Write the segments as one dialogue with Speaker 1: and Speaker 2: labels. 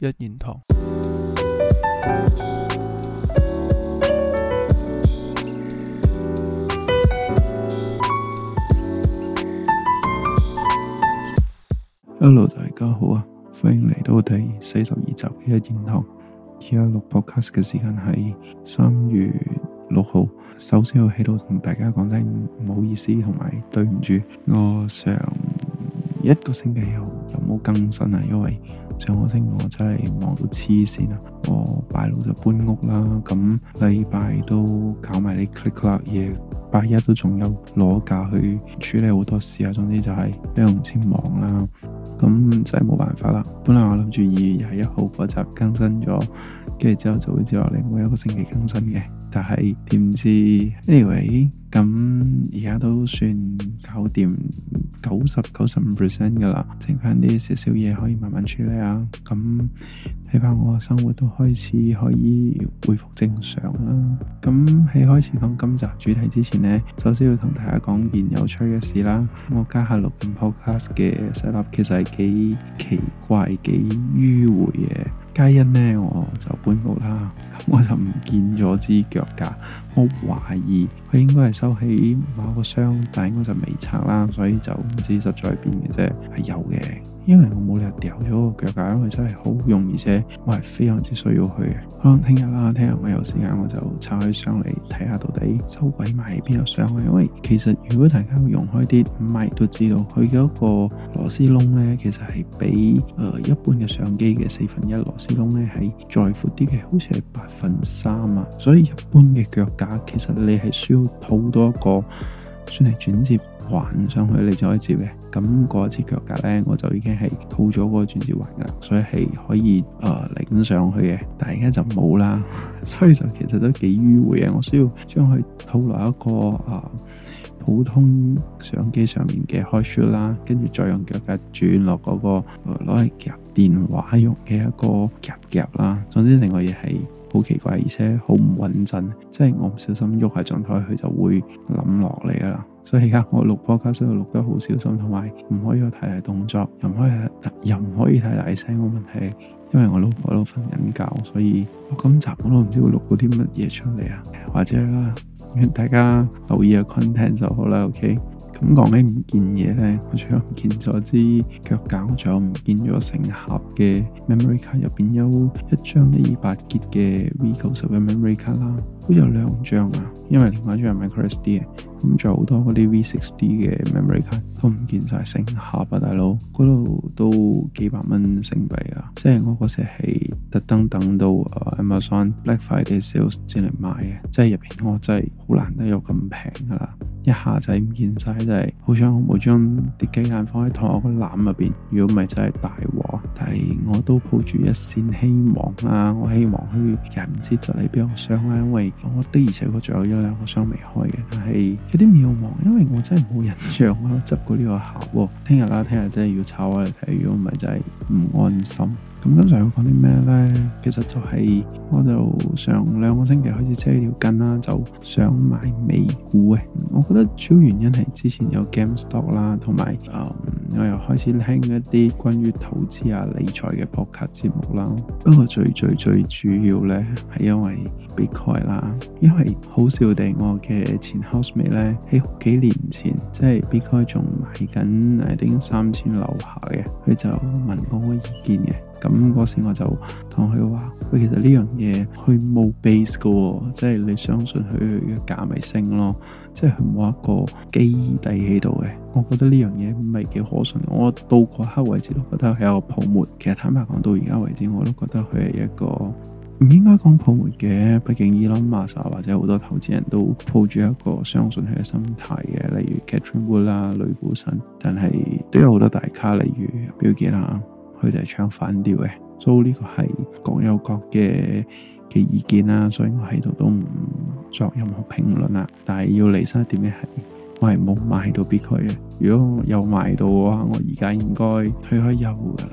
Speaker 1: 一言堂。Hello，大家好啊！歡迎嚟到第四十二集《一言堂》，而家六播 o c a t 嘅時間係三月六號。首先要喺度同大家講聲唔好意思，同埋對唔住，我上一個星期有有冇更新啊？因為上個星期我真係忙到黐線啊！我禮拜六就搬屋啦，咁禮拜都搞埋啲 click-clack 嘢，拜一都仲有攞假去處理好多事啊！總之就係非常之忙啦，咁真係冇辦法啦。本來我諗住二月廿一號嗰集更新咗，跟住之後就會接落嚟每一個星期更新嘅。係點知？Anyway，咁而家都算搞掂九十九十五 percent 噶啦，剩翻啲少少嘢可以慢慢處理啊。咁睇怕我嘅生活都開始可以恢復正常啦、啊。咁喺開始講今集主題之前呢，首先要同大家講件有趣嘅事啦。我家下錄緊 podcast 嘅 Setup 其實係幾奇怪、幾迂迴嘅。皆因呢，我就搬屋啦，咁我就唔見咗支腳架，我懷疑佢應該係收起某個箱，但應該就未拆啦，所以就唔知實在邊嘅啫，係有嘅。因為我冇理由掉咗個腳架，因為真係好用，而且我係非常之需要去嘅。可能聽日啦，聽日我有時間我就拆開箱嚟睇下到底收鬼埋喺邊個箱啊！因為其實如果大家用開啲咪都知道，佢嘅一個螺絲窿呢，其實係比、呃、一般嘅相機嘅四分一螺絲窿呢，係再闊啲嘅，好似係八分三啊。所以一般嘅腳架其實你係需要套多個算係轉接。環上去你就可以接嘅，咁嗰一次腳架呢，我就已經係套咗嗰個轉接環噶啦，所以係可以誒擰、呃、上去嘅。但係而家就冇啦， 所以就其實都幾迂回嘅。我需要將佢套落一個誒、呃、普通相機上面嘅開書啦，跟住再用腳架轉落嗰個攞嚟夾電話用嘅一個夾夾啦。總之，另外嘢係好奇怪，而且好唔穩陣，即係我唔小心喐下狀態，佢就會冧落嚟噶啦。所以而家我錄播卡，所以錄得好小心，同埋唔可以有太大，大動作，又唔可以太大，大，大，大聲嘅問題。因為我老婆都瞓緊覺，所以我今集我都唔知會錄到啲乜嘢出嚟啊，或者啦，大家留意下 content 就好啦，OK。咁講起唔見嘢咧，我仲有唔見咗支腳架，我仲有唔見咗成盒嘅 memory 卡，入面有一張一二八 G 嘅 V90 嘅 memory 卡啦，好似有兩張啊，因為另外一張係 microSD 嘅，咁仲有好多嗰啲 V60 嘅 memory 卡。都唔見晒，成下吧，大佬嗰度都幾百蚊星幣啊！即係我嗰時係特登等到啊 Amazon Black Friday sales 先嚟買嘅，即係入邊我真係好難得有咁平噶啦！一下子就唔見晒，就係、是、好想冇將啲雞蛋放喺同一個籃入邊。如果唔係真係大鑊，但係我都抱住一線希望啦。我希望佢又唔知執嚟邊個箱啦，因為我的而且確仲有一兩個箱未開嘅，但係有啲渺茫，因為我真係冇印象嗰執。呢個效聽日啦，聽日真係要炒我嚟睇，如果唔係真係唔安心。咁今集要講啲咩呢？其實就係、是、我就上兩個星期開始扯條筋啦，就想買美股嘅、啊。我覺得主要原因係之前有 GameStop 啦、啊，同埋誒。嗯我又開始聽一啲關於投資啊、理財嘅播客節目啦。不過最最最主要呢係因為 Bitcoin 啦，因為好笑地，我嘅前 housemate 呢喺好幾年前，即係 Bitcoin 仲賣緊已經三千樓下嘅，佢就問我意見嘅。咁嗰時我就同佢話，喂，其實呢樣嘢佢冇 base 嘅，哦，即係你相信佢嘅價咪升咯，即係佢冇一個基底喺度嘅。我覺得呢樣嘢唔係幾可信。我到嗰刻為止都覺得係一個泡沫。其實坦白講，到而家為止我都覺得佢係一個唔應該講泡沫嘅。畢竟 Elon Musk 或者好多投資人都抱住一個相信佢嘅心態嘅，例如 Catherine Wood 啦，女股神，但係都有好多大咖，例如 Bill Gates。佢就係唱反調嘅，所以呢個係各有各嘅意見啦，所以我喺度都唔作任何評論啦。但係要離身一點嘅係，我係冇買到 Bitcoin 嘅。如果我有買到嘅話，我而家應該退開休㗎啦。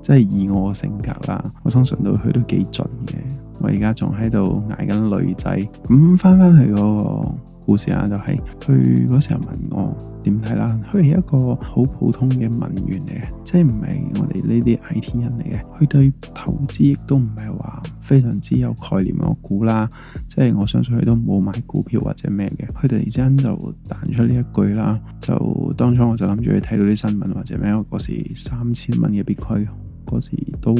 Speaker 1: 即係以我的性格啦，我通常都去得幾盡嘅。我而家仲喺度挨緊女仔，咁翻翻去嗰、那個。故事啦、就是，就係佢嗰時候問我點睇啦。佢係一個好普通嘅文員嚟嘅，即係唔係我哋呢啲矮天人嚟嘅。佢對投資亦都唔係話非常之有概念，我估啦，即我相信佢都冇買股票或者咩嘅。佢突然之間就彈出呢一句啦，就當初我就諗住去睇到啲新聞或者咩，我嗰時三千蚊嘅 Bitcoin。嗰時都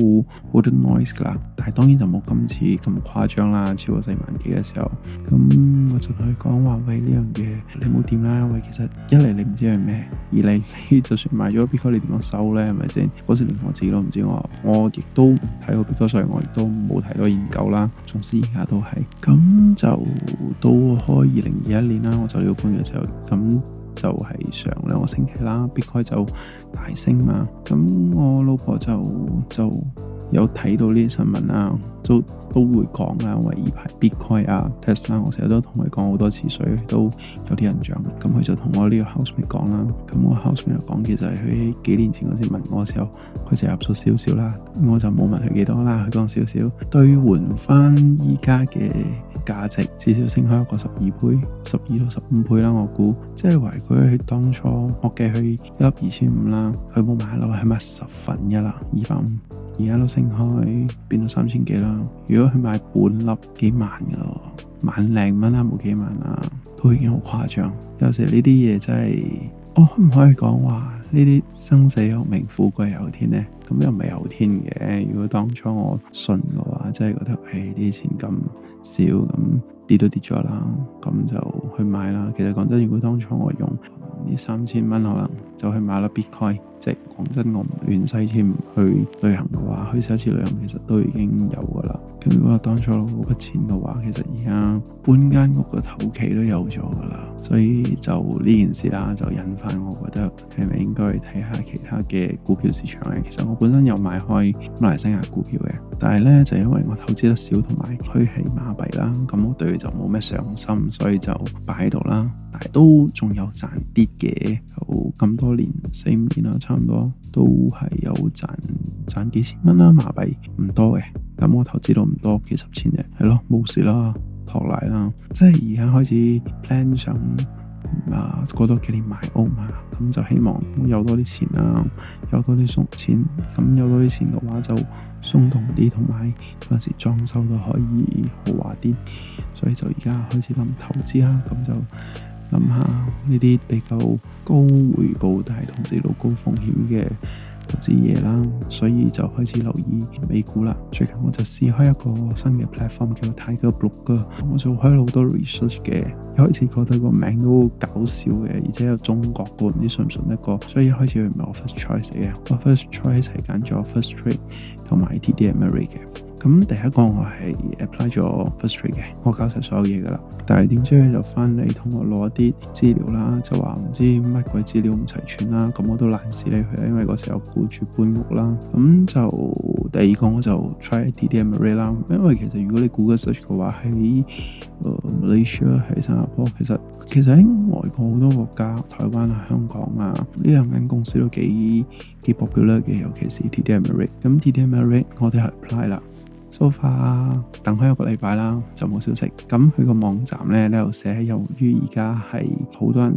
Speaker 1: 好多 noise 㗎啦，但係當然就冇今次咁誇張啦，超過四萬幾嘅時候，咁我就去講話喂，呢樣嘢，你冇掂啦，喂，其實一嚟你唔知係咩，二嚟你就算買咗，bitcoin 你點樣收咧，係咪先？嗰時連我自己都唔知我，我亦都睇過 bitcoin，所以我亦都冇太多研究啦，總之而家都係，咁就到開二零二一年啦，我做了半年之後咁。就係上兩個星期啦，Bitcoin 就大升嘛，咁我老婆就就，有睇到呢啲新聞啊，都都會啦、啊、啦都講，都講啦，因為呢排、bitcoin 啊、Tesla 啦，我成日都同佢講好多次，所以都有啲印象。咁佢就同我呢個 housemate 講啦，咁我 housemate 講，其實係佢幾年前嗰時問我嘅時候，佢就入咗少，少少啦，我就冇問佢幾多啦，佢講少少兌換翻依家嘅價值，至少升開一個十二倍、十二到十五倍啦，我估即係為佢去當初我計佢一粒二千五啦，佢冇買樓係咪十份一啦，二百五而家都升開變到三千幾啦，如果佢買半粒幾萬噶咯，萬零蚊啦，冇幾萬啦，啊，都已經好誇張。有時呢啲嘢真係，我可唔可以講話？呢啲生死有、有命、富貴有天咧，咁又唔係有天嘅。如果當初我信嘅話，真係覺得誒啲錢咁少，咁跌都跌咗啦，咁就去買啦。其實講真，如果當初我用呢三千蚊，可能就去買粒 bitcoin，即係講真，我唔亂使錢去旅行嘅話，去一次旅行其實都已經有㗎啦。如果當初攞嗰筆錢嘅話，其實而家半間屋嘅頭期都有咗噶啦，所以就呢件事啦，就引返我覺得係咪應該去睇下其他嘅股票市場咧？其實我本身有買開馬來西亞股票嘅，但係呢，就因為我投資得少同埋佢係馬幣啦，咁我對佢就冇咩上心，所以就擺喺度啦。但係都仲有賺啲嘅，有咁多年四五年啦，year, 差唔多都係有賺賺幾千蚊啦，馬幣唔多嘅。咁我投資到唔多幾十千嘅，係咯，冇事啦，托賴啦。即係而家開始 plan 想啊，過多幾年買屋嘛，咁就希望多有多啲錢啦，啊，有多啲送錢。咁有多啲錢嘅話，就鬆動啲，同埋嗰陣時裝修都可以豪華啲。所以就而家開始諗投資啦，啊，咁就諗下呢啲比較高回報，但係同時攞高風險嘅。投資啦，所以就開始留意美股啦。最近我就試開一個新嘅 platform 叫 Tiger Brokers。我做開好多 research 嘅，一開始覺得個名都好搞笑嘅，而且有中國嘅，唔知信唔信得過，所以一開始唔係我 first choice 嘅。我 first choice 係揀咗 Firstrade 同埋 TD Ameritrade 嘅。咁第一個我係 apply 咗 Firstrade 嘅，我搞晒所有嘢㗎啦。但係點知就返嚟，同我攞啲資料啦，就話唔知乜鬼資料唔齊全啦。咁我都懶死你去，因為嗰時候顧住搬屋啦。咁就第二個我就 try TD Ameritrade 啦，因為其實如果你 Google Search 嘅話，喺呃 Malaysia，喺新加坡，其實其實喺外國好多國家，台灣啊、香港啊呢兩間公司都幾幾 popular 嘅，尤其是 TD Ameritrade。咁 TD Ameritrade 我哋係 apply 啦。so far 等開一個禮拜啦，就冇消息。咁佢個網站咧，呢度寫，由於而家係好多人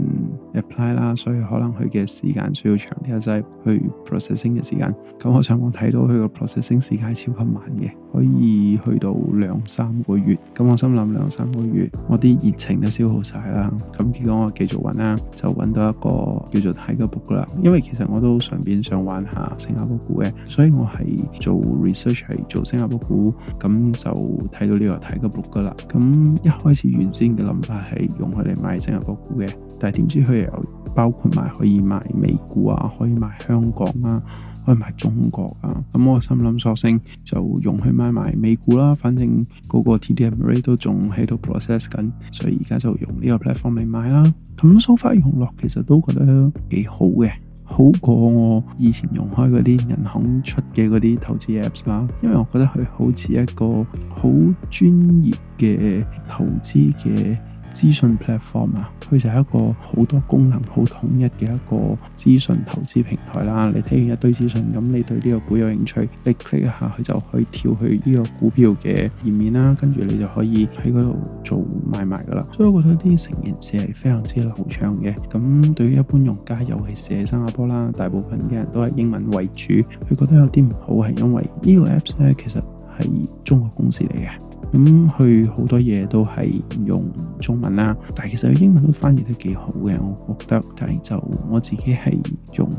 Speaker 1: apply 啦，所以可能佢嘅時間需要長啲啊，即係去 processing 嘅時間。咁我上網睇到佢個 processing 時間超級慢嘅，可以去到兩三個月。咁我心諗兩三個月，我啲熱情都消耗晒啦。咁結果我繼續揾啦，就揾到一個叫做 Tiger Broker 啦。因為其實我都順便想玩下新加坡股嘅，所以我係做 research 係做新加坡股。咁就睇到呢個睇個 book 噶啦，咁一開始原先嘅諗法係用佢嚟買新加坡股嘅，但係點知佢又包括埋可以買美股啊，可以買香港啊，可以買中國啊，咁我心諗索性就用佢買埋美股啦，反正個個 TD Ameritrade 都仲喺度 process 緊，所以而家就用呢個 platform 嚟買啦，咁 so far 用落其實都覺得幾好嘅。好過我以前用開嗰啲銀行出嘅嗰啲投資 Apps 啦，因為我覺得佢好似一個好專業嘅投資嘅，資訊 platform 啊，佢就係一個好多功能好統一嘅一個資訊投資平台啦。你睇完一堆資訊，咁你對呢個股有興趣，你 click 下，佢就可以跳去呢個股票嘅頁面啦。跟住你就可以喺嗰度做買賣噶啦。所以我覺得啲成件事係非常之流暢嘅。咁對於一般用家，尤其是喺新加坡啦，大部分嘅人都係英文為主，佢覺得有啲唔好係因為呢個 apps 咧其實係中國公司嚟嘅。咁佢好多嘢都係用中文啦，但其實英文都翻譯都幾好嘅，我覺得。但係就我自己係用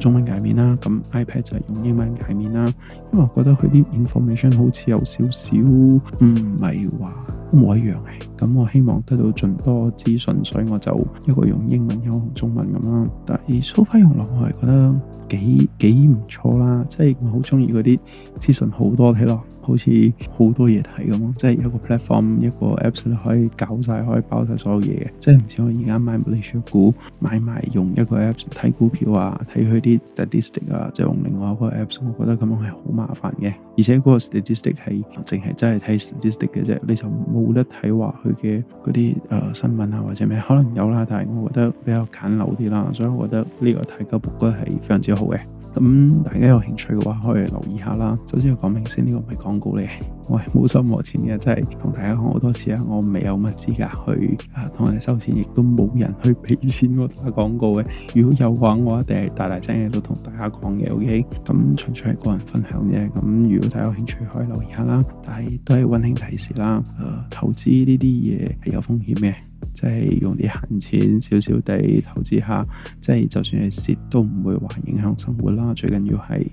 Speaker 1: 中文界面啦，咁 iPad 就係用英文界面啦，因為我覺得佢啲 information 好似有少少唔係話都冇一樣。咁我希望得到盡多資訊，所以我就一個用英文，一個用中文咁啦。但 so far 用落我係覺得幾幾唔錯啦，即係我好鍾意嗰啲資訊好多啲咯。好似好多嘢睇咁咯，即係一個 platform 一個 apps 都可以搞晒，可以包晒所有嘢嘅。即係唔似我而家買馬股買埋用一個 apps 睇股票啊，睇佢啲 statistic 啊，即係用另外一個 apps。我覺得咁樣係好麻煩嘅，而且嗰個 statistics 係淨係真係睇 statistic 嘅啫，你就冇得睇話佢嘅嗰啲誒新聞啊或者咩，可能有啦，但係我覺得比較簡陋啲啦。所以我覺得呢個 Tiger Brokers 係非常之好嘅。咁、嗯、大家有興趣嘅話，可以留意下啦。首先要講明先，呢、呢個唔係廣告嚟嘅。我係冇收冇錢嘅，真係同大家講好多次啦，我未有乜資格去同人哋收錢，亦都冇人去畀錢我打廣告嘅。如果有嘅話，我一定係大大聲喺度同大家講嘅，OK？咁純粹係個人分享啫。咁如果大家有興趣，可以留意下啦。但係都係溫馨提示啦。誒、啊，投資呢啲嘢係有風險嘅。即係用啲閒錢少少地投資下，即係就算係蝕都唔會話影響生活啦。最緊要係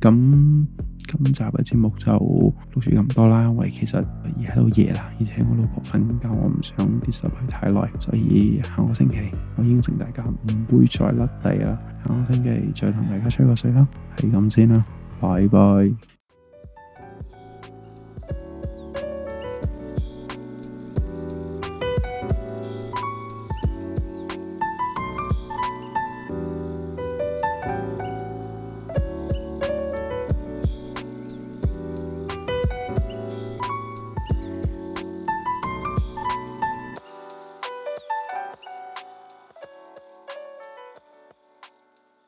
Speaker 1: 咁，今集嘅節目就錄住咁多啦。喂，其實而家都夜啦，而且我老婆瞓覺，我唔想跌入去太耐，所以下個星期我應承大家唔會再甩底啦。下個星期再同大家吹個水啦，係咁先啦，拜拜。